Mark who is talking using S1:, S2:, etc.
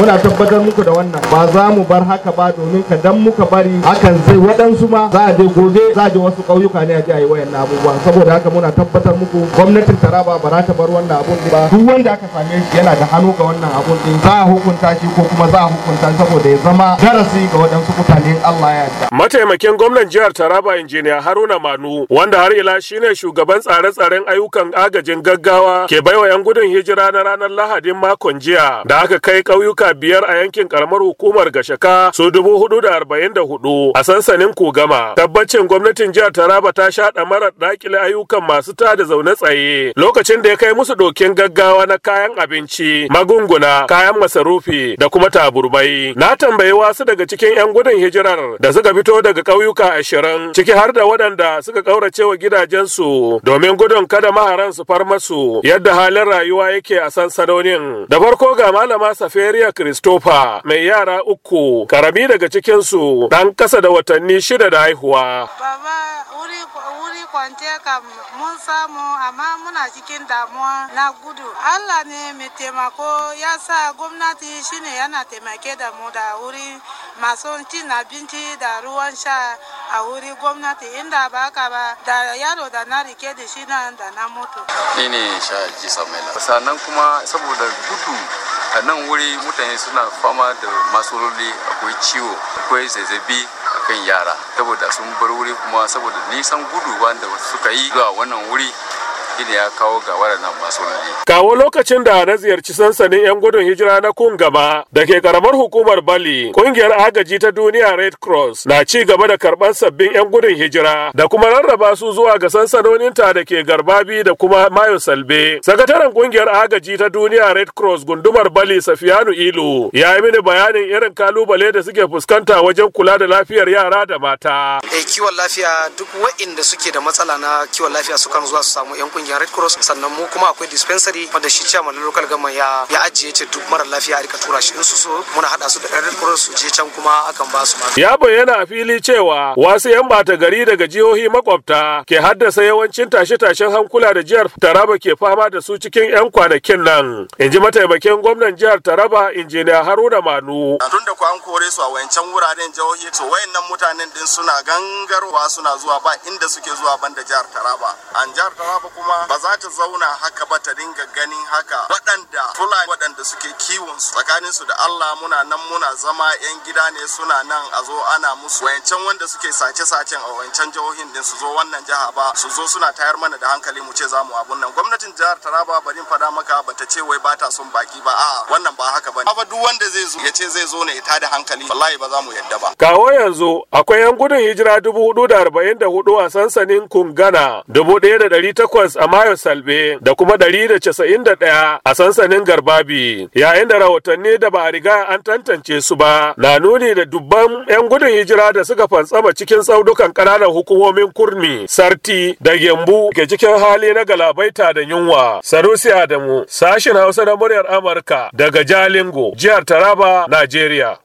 S1: muna tabbatar muku da wannan ba za mu bar haka ba domin ka dan muka bari hakan sai waɗansu ma za a je gobe za a je wasu ƙauyuka ne a je a yi wayan abubuwan saboda haka muna tabbatar muku gwamnatin taraba ba za ta bar wannan abun ba duk wanda aka same shi yana da hannu ga wannan abun din za a hukunta shi ko kuma za a hukunta saboda ya zama darasi ga waɗansu mutane Allah ya yarda
S2: mataimakin gwamnan jihar taraba injiniya haruna manu wanda har ila shine shugaban tsare-tsaren ayyukan agajin gaggawa ke baiwa 'yan gudun hijira na ranar lahadin makon jiya da aka kai ƙauyuka biyar a yankin karamar hukumar Gashaka su dubu hudu da arba'in da hudu a sansanin Kogama. Tabbacin gwamnatin jihar Taraba ta sha mara dakile ayyukan masu tada zaune tsaye lokacin da ya kai musu dokin gaggawa na kayan abinci, magunguna, kayan masarufi da kuma taburbai Na tambayi wasu daga cikin 'yan gudun hijirar da suka fito daga ƙauyuka ashirin ciki har da waɗanda suka ƙaurace wa gidajensu domin gudun kada maharan su far masu yadda halin rayuwa yake a sansanonin. Da farko ga malama Saferiya Christopher mai yara uku, karami daga cikinsu ɗan ƙasa da watanni shida da haihuwa. Baba wuri wuri kwance
S1: kam mun samu amma muna cikin damuwa na gudu. Allah ne mai taimako ya sa gwamnati
S2: shine yana taimake da mu da wuri masu cin abinci da ruwan sha a wuri gwamnati inda ba ka ba da yaro da na rike da shi nan da na mutu.
S1: Ni ne sha ji samela. Sannan kuma saboda gudu a nan wuri mutane suna fama da matsaloli akwai ciwo akwai zazzabi akan yara saboda sun bar wuri kuma saboda nisan gudu wanda suka yi zuwa wannan wuri shine ya kawo ga waɗannan matsaloli.
S2: Kawo lokacin da na ziyarci sansanin 'yan gudun hijira na gaba da ke karamar hukumar Bali, ƙungiyar agaji ta duniya Red Cross na ci gaba da karɓar sabbin 'yan gudun hijira da kuma rarraba su zuwa ga sansanoninta da ke garba Garbabi da kuma Mayo Salbe. Sakataren ƙungiyar agaji ta duniya Red Cross gundumar Bali Safiyanu Ilu ya yi mini bayanin irin kalubale da suke fuskanta wajen kula da lafiyar yara da mata.
S1: Eh, kiwon lafiya duk wa'inda suke da matsala na kiwon lafiya sukan zuwa su samu 'yan kungiyar red cross sannan mu kuma akwai dispensary wanda shi chairman local government ya ya ajiye ce duk mara lafiya a rika tura shi in su so muna hada su da red cross su je can kuma akan ba su
S2: ya bayyana a fili cewa wasu yan bata gari daga jihohi makwabta ke haddasa yawancin tashe-tashen hankula da jihar taraba ke fama da su cikin yan kwanakin nan Inji mataimakin gwamnan jihar taraba injiniya haruna manu tun
S1: da ku an kore su a wancan wuraren jihohi to wayannan mutanen din suna gangarwa suna zuwa ba inda suke zuwa banda jihar taraba an jihar taraba kuma ba za ta zauna haka ba ta dinga ganin haka waɗanda fulani waɗanda suke kiwon su tsakanin su da Allah muna nan muna zama yan gida ne suna nan a zo ana musu wayancan wanda suke sace-sacen a wayancan jihohin din su zo wannan jiha ba su zo suna tayar mana da hankali mu ce za mu abun nan gwamnatin jihar Taraba barin fada maka ta ce wai ba ta son baki ba a wannan ba haka bane ba duk wanda zai zo ya ce zai zo ne ya tada hankali wallahi ba za mu yadda ba
S2: kawo yanzu akwai yan gudun hijira dubu da arba'in a sansanin Kungana dubu a Amayo Salbe da kuma ɗaya a sansanin Garbabi yayin da rahotanni da ba a riga an tantance su ba na nuni da dubban 'yan gudun hijira da suka fantsama cikin tsaudukan ƙananan hukumomin kurmi sarti da gembu ke cikin hali na galabaita da yunwa sanusi adamu sashin hausa na muryar amurka daga jalingo jihar taraba najeriya